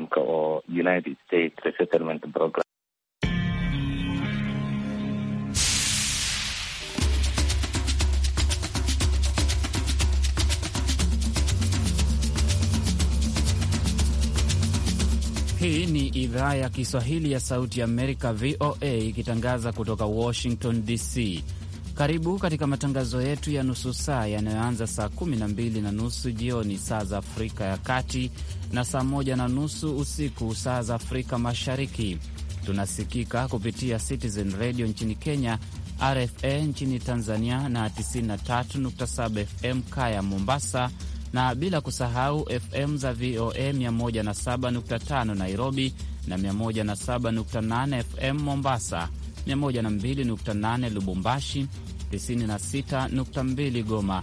nidaamka oo United States Resettlement Program. Hii ni idhaa ya Kiswahili ya Sauti Amerika, VOA, ikitangaza kutoka Washington DC. Karibu katika matangazo yetu ya nusu saa yanayoanza saa 12 na nusu jioni saa za Afrika ya Kati na saa moja na nusu usiku saa za Afrika Mashariki. Tunasikika kupitia Citizen Radio nchini Kenya, RFA nchini Tanzania na 93.7 FM Kaya Mombasa, na bila kusahau FM za VOA 107.5 Nairobi na 107.8 FM Mombasa, 102.8 Lubumbashi, 96.2 Goma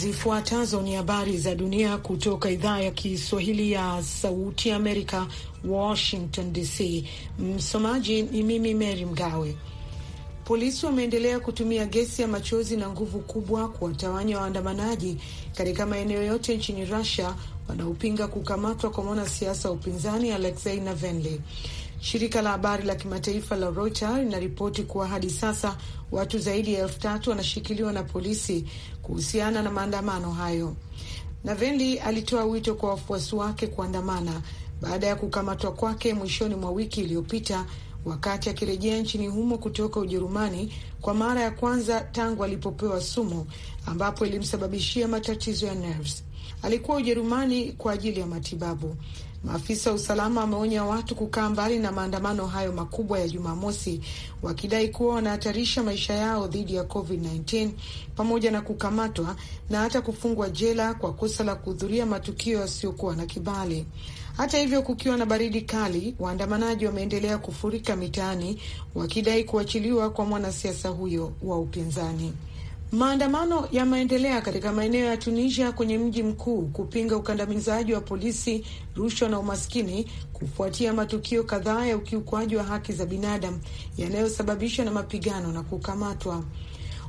Zifuatazo ni habari za dunia kutoka idhaa ya Kiswahili ya Sauti Amerika, Washington DC. Msomaji ni mimi Mary Mgawe. Polisi wameendelea kutumia gesi ya machozi na nguvu kubwa kuwatawanya waandamanaji katika maeneo yote nchini Russia wanaopinga kukamatwa kwa mwanasiasa wa upinzani Alexei Navalny. Shirika la habari la kimataifa la Reuters linaripoti kuwa hadi sasa watu zaidi ya elfu tatu wanashikiliwa na polisi kuhusiana na maandamano hayo. Navendi alitoa wito kwa wafuasi wake kuandamana baada ya kukamatwa kwake mwishoni mwa wiki iliyopita wakati akirejea nchini humo kutoka Ujerumani kwa mara ya kwanza tangu alipopewa sumu ambapo ilimsababishia matatizo ya nerves alikuwa Ujerumani kwa ajili ya matibabu. Maafisa wa usalama wameonya watu kukaa mbali na maandamano hayo makubwa ya Jumamosi, wakidai kuwa wanahatarisha maisha yao dhidi ya COVID-19 pamoja na kukamatwa na hata kufungwa jela kwa kosa la kuhudhuria matukio yasiyokuwa na kibali. Hata hivyo, kukiwa na baridi kali, waandamanaji wameendelea kufurika mitaani wakidai kuachiliwa kwa mwanasiasa huyo wa upinzani. Maandamano yameendelea katika maeneo ya Tunisia kwenye mji mkuu kupinga ukandamizaji wa polisi, rushwa na umaskini, kufuatia matukio kadhaa ya ukiukwaji wa haki za binadamu yanayosababishwa na mapigano na kukamatwa.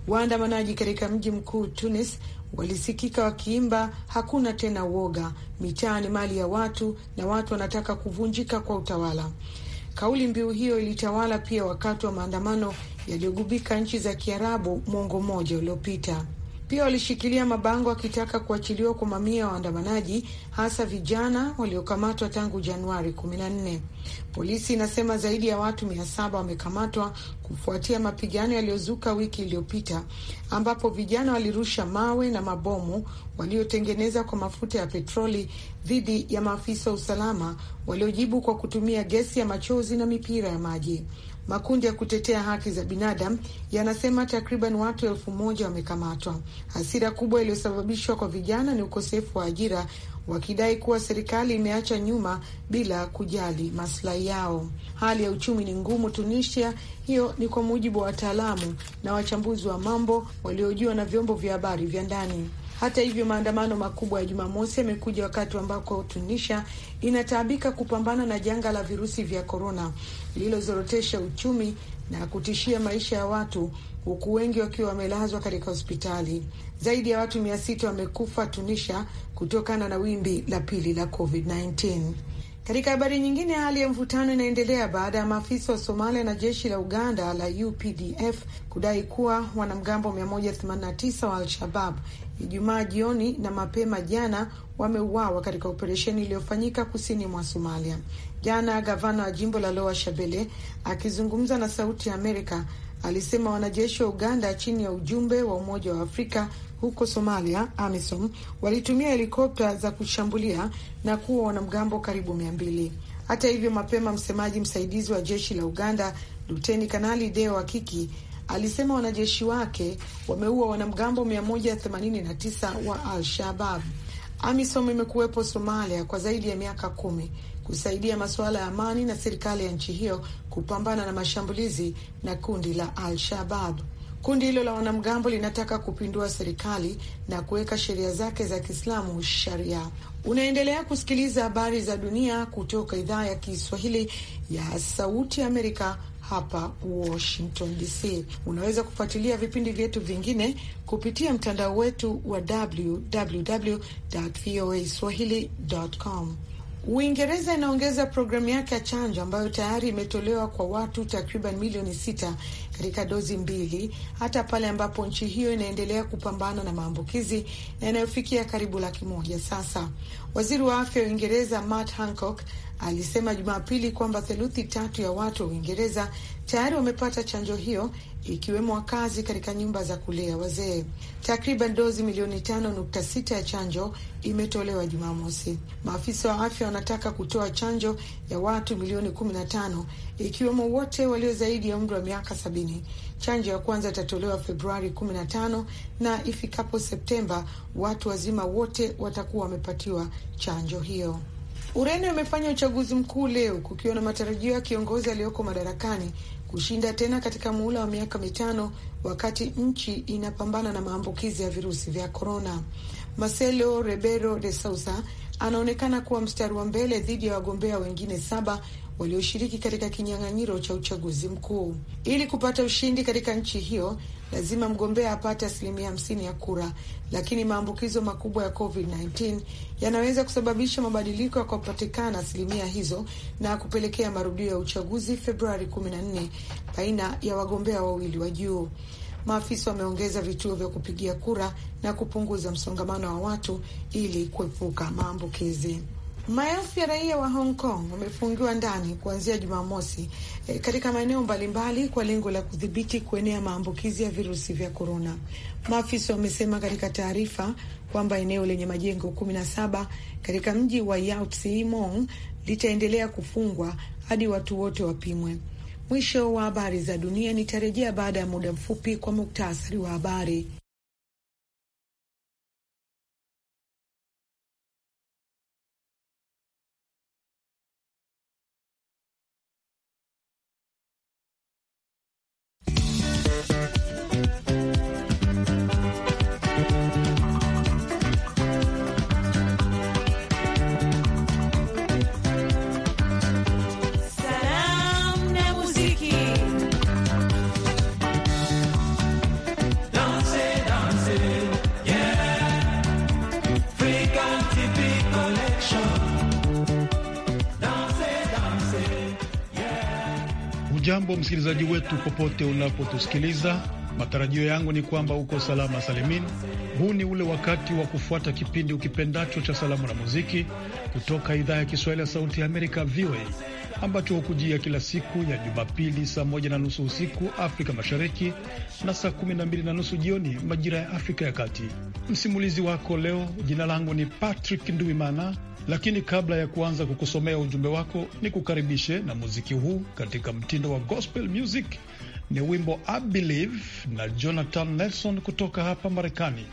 Waandamanaji katika mji mkuu Tunis walisikika wakiimba hakuna tena uoga, mitaa ni mali ya watu na watu wanataka kuvunjika kwa utawala. Kauli mbiu hiyo ilitawala pia wakati wa maandamano yaliyogubika nchi za Kiarabu mwongo mmoja uliopita. Pia walishikilia mabango akitaka kuachiliwa kwa mamia ya waandamanaji, hasa vijana waliokamatwa tangu Januari 14. Polisi inasema zaidi ya watu mia saba wamekamatwa kufuatia mapigano yaliyozuka wiki iliyopita, ambapo vijana walirusha mawe na mabomu waliotengeneza kwa mafuta ya petroli dhidi ya maafisa wa usalama waliojibu kwa kutumia gesi ya machozi na mipira ya maji. Makundi ya kutetea haki za binadamu yanasema takriban watu elfu moja wamekamatwa. Hasira kubwa iliyosababishwa kwa vijana ni ukosefu wa ajira, wakidai kuwa serikali imeacha nyuma bila kujali maslahi yao. Hali ya uchumi ni ngumu Tunisia, hiyo ni kwa mujibu wa wataalamu na wachambuzi wa mambo waliojua na vyombo vya habari vya ndani. Hata hivyo, maandamano makubwa ya Jumamosi yamekuja wakati ambako Tunisia inataabika kupambana na janga la virusi vya korona lililozorotesha uchumi na kutishia maisha ya watu huku wengi wakiwa wamelazwa katika hospitali. Zaidi ya watu mia sita wamekufa Tunisia kutokana na wimbi la pili la COVID-19. Katika habari nyingine, hali ya mvutano inaendelea baada ya maafisa wa Somalia na jeshi la Uganda la UPDF kudai kuwa wanamgambo 189 wa Al-Shabab Ijumaa jioni na mapema jana wameuawa katika operesheni iliyofanyika kusini mwa Somalia. Jana gavana wa jimbo la Lower Shabele akizungumza na Sauti ya Amerika alisema wanajeshi wa Uganda chini ya ujumbe wa Umoja wa Afrika huko Somalia, AMISOM, walitumia helikopta za kushambulia na kuwa wanamgambo karibu mia mbili. Hata hivyo, mapema msemaji msaidizi wa jeshi la Uganda Luteni Kanali Deo Akiki alisema wanajeshi wake wameua wanamgambo 189 wa Al-Shabab. AMISOM imekuwepo Somalia kwa zaidi ya miaka kumi kusaidia masuala ya amani na serikali ya nchi hiyo kupambana na mashambulizi na kundi la Al-Shabab. Kundi hilo la wanamgambo linataka kupindua serikali na kuweka sheria zake za Kiislamu, sharia. Unaendelea kusikiliza habari za dunia kutoka idhaa ya Kiswahili ya Sauti Amerika, hapa Washington DC. Unaweza kufuatilia vipindi vyetu vingine kupitia mtandao wetu wa www.voaswahili.com. Uingereza inaongeza programu yake ya chanjo ambayo tayari imetolewa kwa watu takriban milioni sita katika dozi mbili hata pale ambapo nchi hiyo inaendelea kupambana na maambukizi yanayofikia karibu laki moja sasa. Waziri wa afya wa Uingereza Matt Hancock alisema Jumapili kwamba theluthi tatu ya watu wa Uingereza tayari wamepata chanjo hiyo ikiwemo wakazi katika nyumba za kulea wazee. Takriban dozi milioni tano nukta sita ya chanjo imetolewa Jumamosi. Maafisa wa afya wanataka kutoa chanjo ya watu milioni kumi na tano ikiwemo wote walio zaidi ya umri wa miaka sabini karibuni. Chanjo ya kwanza itatolewa Februari 15 na ifikapo Septemba watu wazima wote watakuwa wamepatiwa chanjo hiyo. Ureno imefanya uchaguzi mkuu leo kukiwa na matarajio ya kiongozi aliyoko madarakani kushinda tena katika muhula wa miaka mitano, wakati nchi inapambana na maambukizi ya virusi vya korona. Marcelo Rebelo de Sousa anaonekana kuwa mstari wa mbele dhidi ya wagombea wengine saba walioshiriki katika kinyang'anyiro cha uchaguzi mkuu. Ili kupata ushindi katika nchi hiyo, lazima mgombea apate asilimia hamsini ya kura, lakini maambukizo makubwa ya COVID-19 yanaweza kusababisha mabadiliko ya kupatikana asilimia hizo na kupelekea marudio ya uchaguzi Februari 14 baina ya wagombea wawili wa juu. Maafisa wameongeza vituo vya kupigia kura na kupunguza msongamano wa watu ili kuepuka maambukizi. Maelfu ya raia wa Hong Kong wamefungiwa ndani kuanzia Jumamosi e, katika maeneo mbalimbali kwa lengo la kudhibiti kuenea maambukizi ya virusi vya korona. Maafisa wamesema katika taarifa kwamba eneo lenye majengo 17 katika mji wa Yautse Mong litaendelea kufungwa hadi watu wote wapimwe. Mwisho wa habari za dunia. Nitarejea baada ya muda mfupi kwa muktasari wa habari. Hujambo msikilizaji wetu popote unapotusikiliza, matarajio yangu ni kwamba uko salama salimin. Huu ni ule wakati wa kufuata kipindi ukipendacho cha salamu na muziki kutoka idhaa ya Kiswahili ya Sauti ya Amerika, VOA, ambacho hukujia kila siku ya Jumapili saa moja na nusu usiku Afrika Mashariki na saa kumi na mbili na nusu jioni majira ya Afrika ya Kati. Msimulizi wako leo, jina langu ni Patrick Nduimana lakini kabla ya kuanza kukusomea ujumbe wako, ni kukaribishe na muziki huu katika mtindo wa gospel music. Ni wimbo I Believe na Jonathan Nelson kutoka hapa Marekani.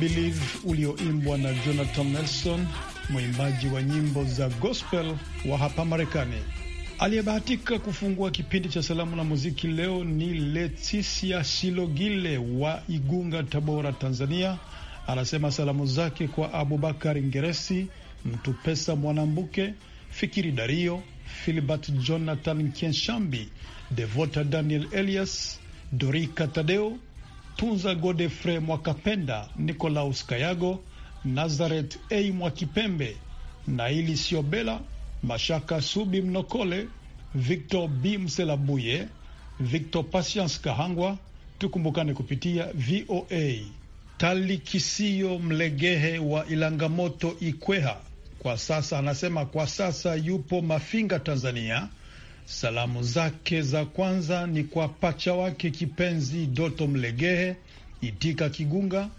Believe ulioimbwa na Jonathan Nelson, mwimbaji wa nyimbo za gospel wa hapa Marekani. Aliyebahatika kufungua kipindi cha salamu na muziki leo ni Leticia Silogile wa Igunga, Tabora, Tanzania. Anasema salamu zake kwa Abubakar Ngeresi, Mtu Pesa Mwanambuke, Fikiri Dario, Filibert Jonathan Kienshambi, Devota Daniel Elias, Dorika Tadeo Tunza Godefre Mwakapenda, Nikolaus Kayago, Nazareth A Mwakipembe, Naili Siobela, Mashaka Subi Mnokole, Victor B Mselabuye, Victor Patience Kahangwa. Tukumbukane kupitia VOA. Tali Kisio Mlegehe wa Ilangamoto, Ikweha, kwa sasa anasema kwa sasa yupo Mafinga, Tanzania Salamu zake za kwanza ni kwa pacha wake kipenzi Doto Mlegehe, Itika Kigunga,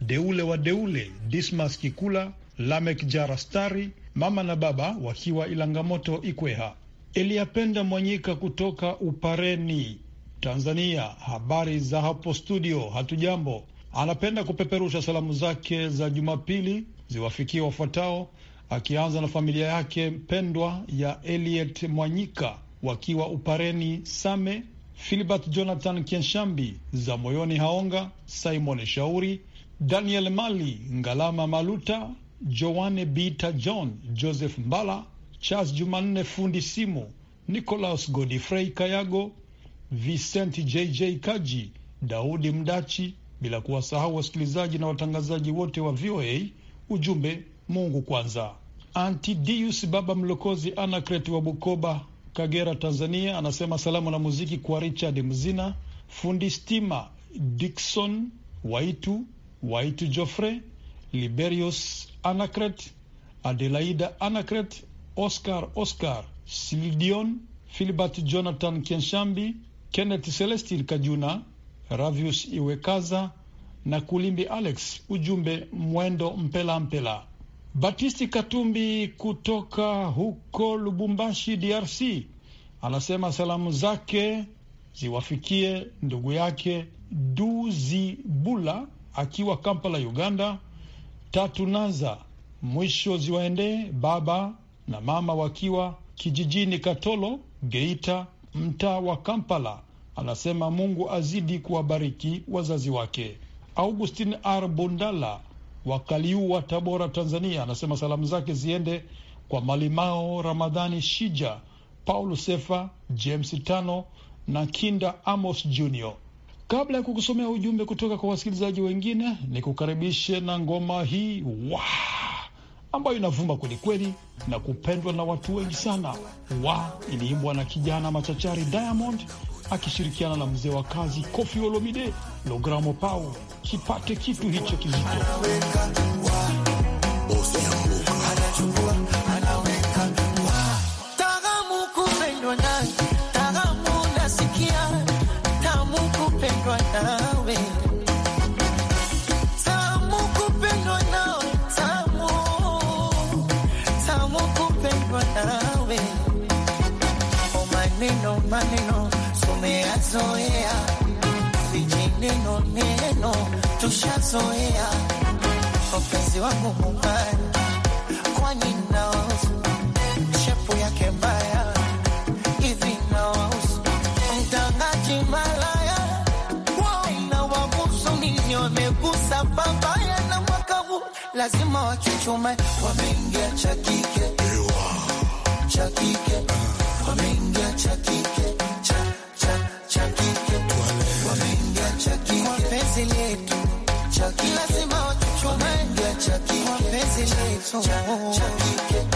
Deule wa Deule, Dismas Kikula, Lamek Jarastari, mama na baba wakiwa Ilangamoto, Ikweha. Eliyapenda Mwanyika kutoka Upareni, Tanzania. Habari za hapo studio? Hatujambo. Anapenda kupeperusha salamu zake za Jumapili ziwafikie wafuatao, akianza na familia yake mpendwa ya Eliet Mwanyika wakiwa Upareni Same, filibert Jonathan Kienshambi, Zamoyoni Haonga, Simon Shauri, Daniel Mali, Ngalama Maluta, Joanne Bita, John Joseph Mbala, Charles Jumanne Fundi Simu, Nicolaus Godifrey Kayago, Vicent JJ Kaji, Daudi Mdachi, bila kuwasahau wasikilizaji na watangazaji wote wa VOA. Ujumbe Mungu kwanza. Antidius Baba Mlokozi Anacret wa Bukoba Kagera, Tanzania, anasema salamu na muziki kwa Richard Mzina, fundi stima Dikson Waitu, Waitu Jofre, Liberius Anacret, Adelaida Anacret, Oscar Oscar Sildion, Filibert Jonathan Kenshambi, Kenneth Celestin Kajuna, Ravius Iwekaza na Kulimbi Alex. Ujumbe mwendo mpela mpela. Batisti Katumbi kutoka huko Lubumbashi, DRC, anasema salamu zake ziwafikie ndugu yake duzi bula akiwa Kampala, Uganda. Tatu Naza mwisho ziwaendee baba na mama wakiwa kijijini Katolo, Geita, mtaa wa Kampala. Anasema Mungu azidi kuwabariki wazazi wake. Augustin R Bundala Wakaliua Tabora, Tanzania, anasema salamu zake ziende kwa Malimao Ramadhani Shija, Paul Sefa, James Tano na Kinda Amos jr Kabla ya kukusomea ujumbe kutoka kwa wasikilizaji wengine, ni kukaribishe na ngoma hii wow ambayo inavuma kwelikweli na kupendwa na watu wengi sana. Wa iliimbwa na kijana machachari Diamond akishirikiana na mzee wa kazi Koffi Olomide. Logramo pao kipate kitu hicho kizito maneno tumeyazoea, vijineno neno tushazoea. Wapenzi wangu muhani, kwani naosu shepu yake mbaya hivi naosu mtangaji malaya waina wabusu nini wamegusa babaya na mwaka huu lazima wachuchume wameingia chakike chakike cha kike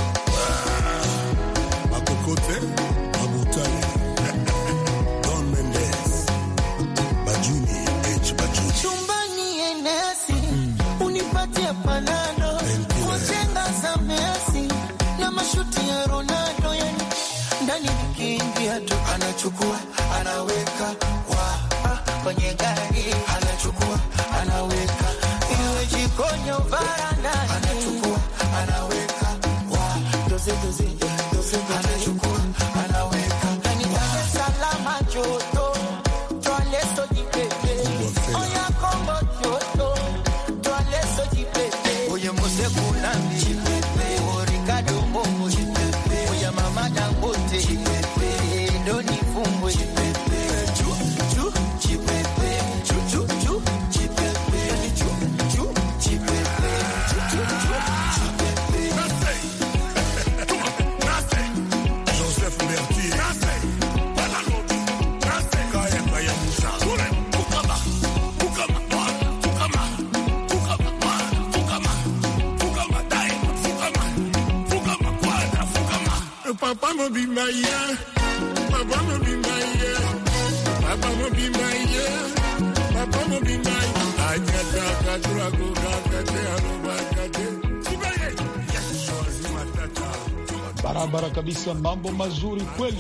barabara kabisa, mambo mazuri kweli.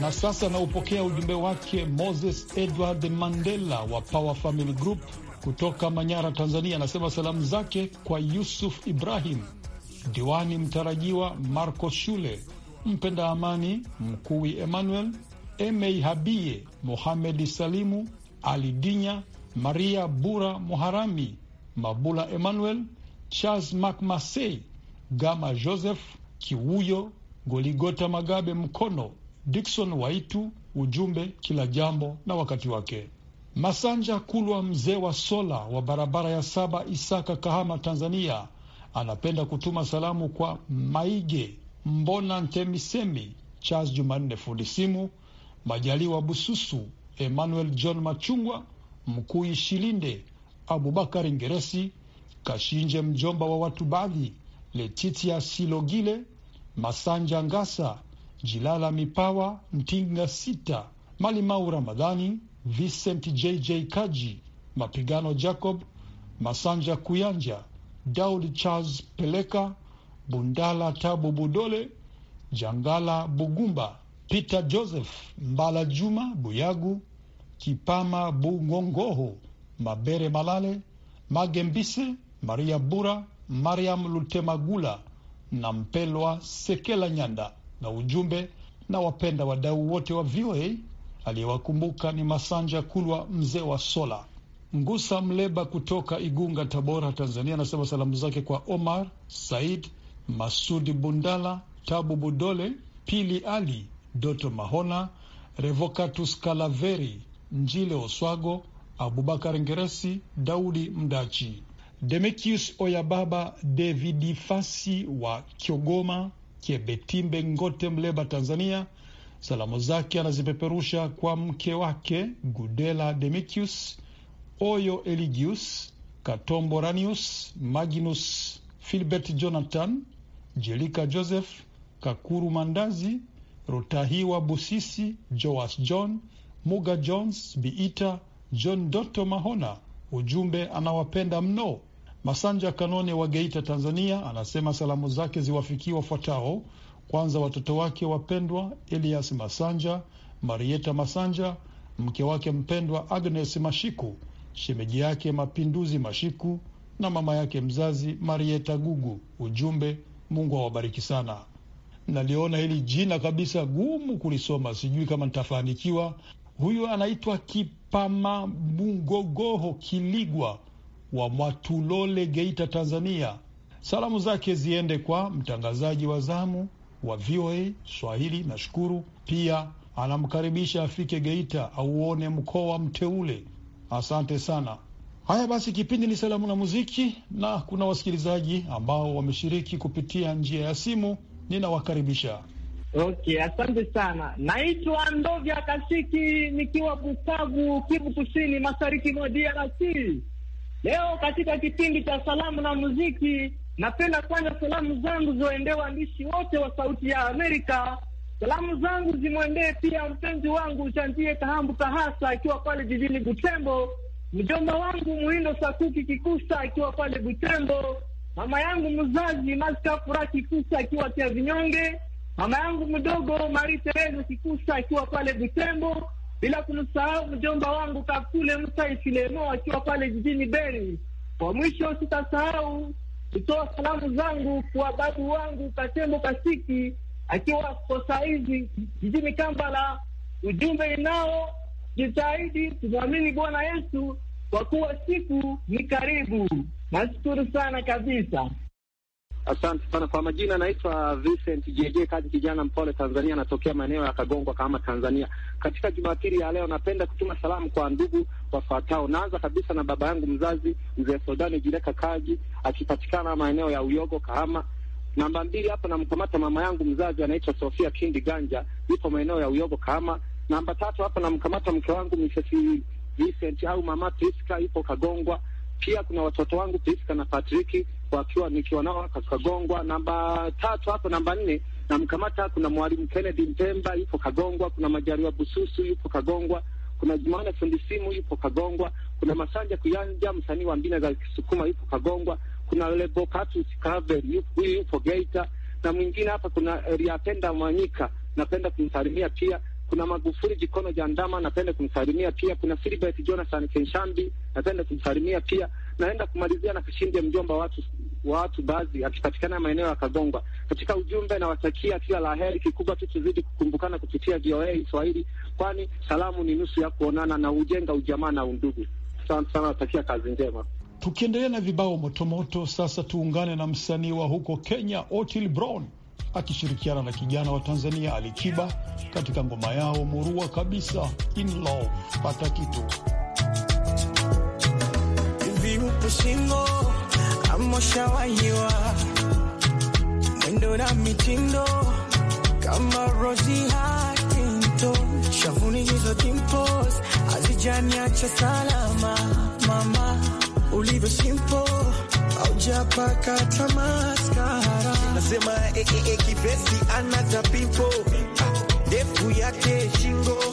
Na sasa naupokea ujumbe wake Moses Edward Mandela wa Power Family Group kutoka Manyara, Tanzania. Anasema salamu zake kwa Yusuf Ibrahim, diwani mtarajiwa Marco Shule Mpenda Amani Mkuwi, Emmanuel Emei, Habie Mohamedi, Salimu Alidinya, Maria Bura muharami Mabula Emmanuel, Charles Macmasey, Gama Joseph Kiwuyo, Goligota Magabe Mkono, Dikson Waitu. Ujumbe kila jambo na wakati wake. Masanja Kulwa, mzee wa sola wa barabara ya saba, Isaka, Kahama, Tanzania, anapenda kutuma salamu kwa Maige Mbona Ntemisemi, Charles Jumanne fundi simu, Majaliwa Bususu, Emmanuel John Machungwa, Mkuu Shilinde, Abubakar Ngeresi, Kashinje mjomba wa watu baadhi, Letitia Silogile, Masanja Ngasa, Jilala Mipawa, Mtinga Sita, Malimau Ramadhani, Vincent JJ Kaji, Mapigano Jacob, Masanja Kuyanja, Daud Charles Peleka, Bundala Tabu Budole, Jangala Bugumba, Peter Joseph Mbala, Juma Buyagu, Kipama Bungongoho, Mabere Malale, Magembise, Maria Bura, Mariam Lutemagula na Mpelwa Sekela Nyanda, na ujumbe na wapenda wadau wote wa VOA. Aliyewakumbuka ni Masanja Kulwa, mzee wa sola. Ngusa Mleba kutoka Igunga, Tabora, Tanzania, anasema salamu zake kwa Omar Said Masudi Bundala, Tabu Budole, Pili Ali, Doto Mahona, Revocatus Kalaveri, Njile Oswago, Abubakar Ngeresi, Daudi Mdachi, Demekius Oyababa, David Fasi wa Kiogoma, Kiebetimbe Ngote, Mleba, Tanzania. Salamu zake anazipeperusha kwa mke wake Gudela Demekius Oyo, Eligius Katombo, Ranius Maginus, Filbert Jonathan Jelika Joseph, Kakuru Mandazi, Rutahiwa Busisi, Joas John, Muga Jones, Biita John Doto Mahona. Ujumbe anawapenda mno. Masanja Kanone wa Geita, Tanzania, anasema salamu zake ziwafikie wafuatao: kwanza watoto wake wapendwa Elias Masanja, Marieta Masanja, mke wake mpendwa Agnes Mashiku, shemeji yake Mapinduzi Mashiku na mama yake mzazi Marieta Gugu. Ujumbe Mungu awabariki sana. Naliona hili jina kabisa gumu kulisoma, sijui kama nitafanikiwa. Huyu anaitwa Kipama Mungogoho Kiligwa wa Mwatulole, Geita, Tanzania. Salamu zake ziende kwa mtangazaji wa zamu wa VOA Swahili, nashukuru. Pia anamkaribisha afike Geita auone mkoa mteule. Asante sana. Haya basi, kipindi ni salamu na muziki, na kuna wasikilizaji ambao wameshiriki kupitia njia ya simu, ninawakaribisha. Okay, asante sana. Naitwa Ndovya Kasiki nikiwa Bukavu, Kivu Kusini, mashariki mwa DRC. Leo katika kipindi cha salamu na muziki, napenda kwanza salamu zangu ziwaendee waandishi wote wa Sauti ya Amerika. Salamu zangu zimwendee pia mpenzi wangu Chantie Kahambu Kahasa akiwa pale jijini Butembo mjomba wangu Muindo Sakuki Kikusa akiwa pale Butembo, mama yangu mzazi Maska Furaha Kikusa akiwa kia Vinyonge, mama yangu mdogo Mari Tereza Kikusa akiwa pale Butembo, bila kumsahau mjomba wangu Kakule Msai Filemo akiwa pale jijini Beni. Kwa mwisho, sitasahau kutoa salamu zangu kwa babu wangu Katembo Kasiki akiwa kwa saizi jijini kambala Ujumbe inao jitahidi tumwamini Bwana Yesu kwa kuwa siku ni karibu. Nashukuru sana kabisa. Asante sana kwa majina, naitwa Vincent JJ Kaji, kijana mpole Tanzania, anatokea maeneo ya Kagongwa kama Tanzania. Katika jumapili ya leo, napenda kutuma salamu kwa ndugu wafuatao. Naanza kabisa na baba yangu mzazi mzee Sodani Jireka Kaji akipatikana maeneo ya Uyogo Kahama. Namba mbili hapa namkamata mama yangu mzazi anaitwa Sofia Kindi Ganja, yupo maeneo ya Uyogo Kahama. Namba tatu, hapa namkamata mke wangu Mrs. Vincent au mama Priska, ipo Kagongwa. Pia kuna watoto wangu Priska na Patrick wakiwa nikiwa nao Kagongwa. Namba tatu hapo, namba nne namkamata, kuna mwalimu Kennedy Mpemba yupo Kagongwa, kuna Majaliwa Bususu yupo Kagongwa, kuna Jumana fundi simu yupo Kagongwa, kuna Masanja Kuyanja msanii wa mbina za Kisukuma yupo Kagongwa, kuna Lebo Katu Sikave huyu yupo Geita, na mwingine hapa kuna Riapenda Mwanyika, napenda kumsalimia pia kuna Magufuli Jikono ja Ndama, napenda kumsalimia pia. Kuna Filibert Jonathan Kenshambi, napenda kumsalimia pia. Naenda kumalizia na Kishinde, mjomba watu wa watu baadhi, akipatikana maeneo ya Kagongwa. Katika ujumbe, nawatakia kila laheri. Kikubwa tu tuzidi kukumbukana kupitia VOA Kiswahili, kwani salamu ni nusu ya kuonana na ujenga ujamaa na undugu. Asante sana, natakia kazi njema. Tukiendelea na vibao motomoto, sasa tuungane na msanii wa huko Kenya Otil Brown akishirikiana na kijana wa Tanzania alikiba katika ngoma yao murua kabisa in love pata kitu singo shawahiwa mwendo na mitindo kama shavuni hizo salama, mama ulivyo simple hujapaka tamaskara, nasema ee, eh, eh, eh, kipesi anatapipo ndefu yake shingo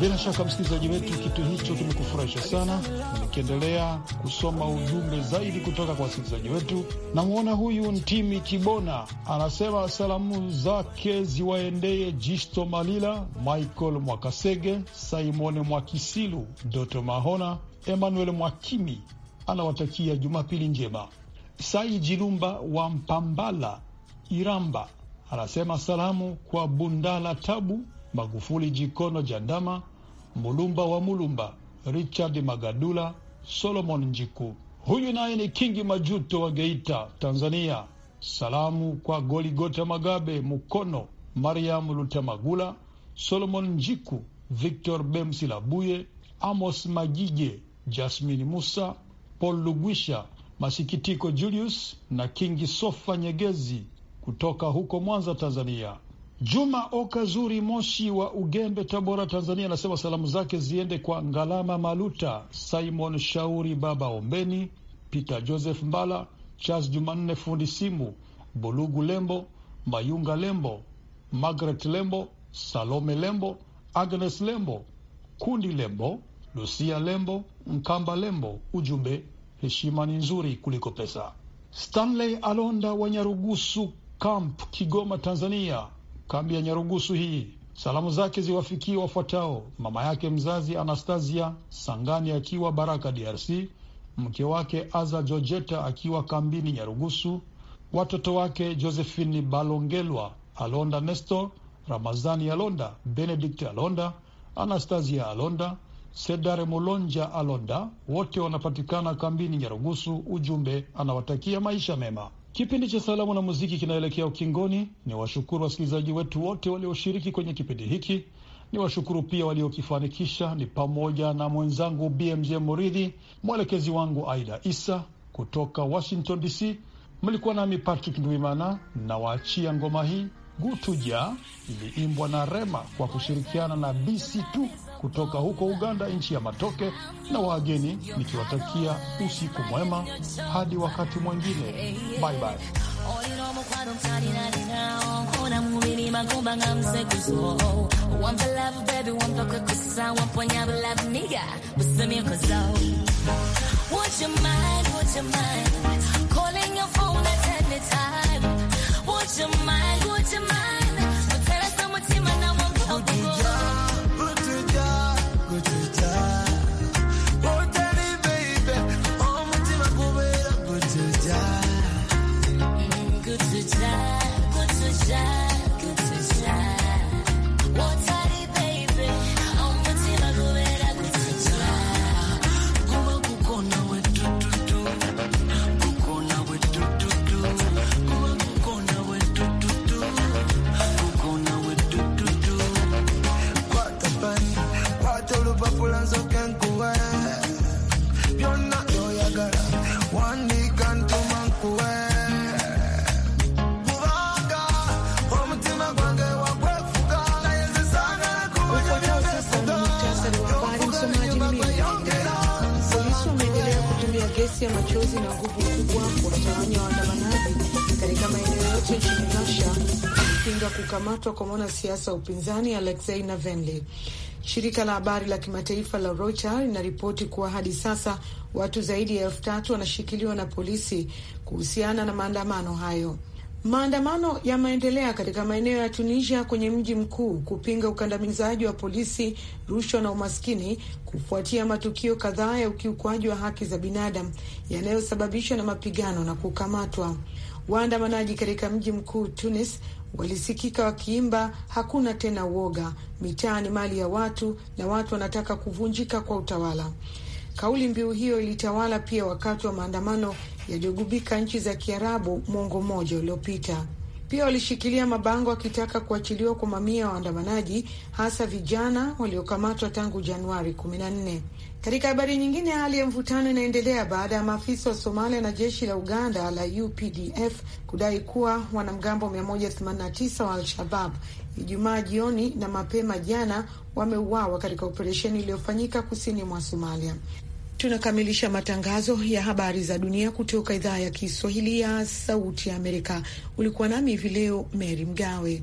Bila shaka msikilizaji wetu, kitu hicho kimekufurahisha sana. Nikiendelea kusoma ujumbe zaidi kutoka kwa wasikilizaji wetu, namwona huyu Ntimi Kibona anasema salamu zake ziwaendee Jisto Malila, Michael Mwakasege, Simon Mwakisilu, Doto Mahona, Emmanuel Mwakimi. Anawatakia Jumapili njema. Sai Jilumba wa Mpambala Iramba anasema salamu kwa Bundala Tabu Magufuli Jikono Jandama, Mulumba wa Mulumba, Richard Magadula, Solomon Njiku. Huyu naye ni Kingi Majuto wa Geita, Tanzania. Salamu kwa Goligota Magabe Mukono, Mariam Lutamagula, Solomon Njiku, Victor Bemsilabuye, Amos Magige, Jasmine Musa, Paul Lugwisha, Masikitiko Julius na Kingi Sofa Nyegezi kutoka huko Mwanza, Tanzania. Juma oka zuri Moshi wa Ugembe, Tabora, Tanzania, anasema salamu zake ziende kwa Ngalama Maluta, Simon Shauri, Baba Ombeni, Peter Joseph Mbala, Charles Jumanne fundi simu, Bulugu Lembo, Mayunga Lembo, Margaret Lembo, Salome Lembo, Agnes Lembo, Kundi Lembo, Lucia Lembo, Mkamba Lembo. Ujumbe, heshima ni nzuri kuliko pesa. Stanley Alonda wa Nyarugusu Camp, Kigoma, Tanzania kambi ya Nyarugusu hii. Salamu zake ziwafikie wafuatao: mama yake mzazi Anastasia Sangani akiwa Baraka, DRC, mke wake Aza jojeta akiwa kambini Nyarugusu, watoto wake Josephine Balongelwa, Alonda Nesto, Ramazani Alonda, Benedict Alonda, Anastasia Alonda, Sedare Mulonja Alonda, wote wanapatikana kambini Nyarugusu. Ujumbe anawatakia maisha mema. Kipindi cha salamu na muziki kinaelekea ukingoni. Ni washukuru wasikilizaji wetu wote walioshiriki kwenye kipindi hiki. Ni washukuru pia waliokifanikisha, ni pamoja na mwenzangu BMJ Muridhi, mwelekezi wangu Aida Isa kutoka Washington DC. Mlikuwa nami Patrick Ndwimana na waachia ngoma hii Gutuja iliimbwa na Rema kwa kushirikiana na BC2 kutoka huko Uganda, nchi ya matoke na wageni, nikiwatakia usiku mwema hadi wakati mwingine. Bye bye. kutoka kwa mwanasiasa wa upinzani Alexei Navalny. Shirika la habari la kimataifa la Reuters linaripoti kuwa hadi sasa watu zaidi ya elfu tatu wanashikiliwa na polisi kuhusiana na maandamano hayo. Maandamano yameendelea katika maeneo ya Tunisia kwenye mji mkuu kupinga ukandamizaji wa polisi, rushwa na umaskini, kufuatia matukio kadhaa ya ukiukwaji wa haki za binadamu yanayosababishwa na mapigano na kukamatwa. Waandamanaji katika mji mkuu Tunis walisikika wakiimba hakuna tena uoga, mitaa ni mali ya watu na watu wanataka kuvunjika kwa utawala. Kauli mbiu hiyo ilitawala pia wakati wa maandamano yaliyogubika nchi za Kiarabu mwongo mmoja uliopita. Pia walishikilia mabango akitaka kuachiliwa kwa mamia ya waandamanaji, hasa vijana waliokamatwa tangu Januari 14. Katika habari nyingine, hali ya mvutano inaendelea baada ya maafisa wa Somalia na jeshi la Uganda la UPDF kudai kuwa wanamgambo 189 wa Al-Shabab Ijumaa jioni na mapema jana wameuawa katika operesheni iliyofanyika kusini mwa Somalia. Tunakamilisha matangazo ya habari za dunia kutoka idhaa ya Kiswahili ya Sauti ya Amerika. Ulikuwa nami hivi leo Mary Mgawe.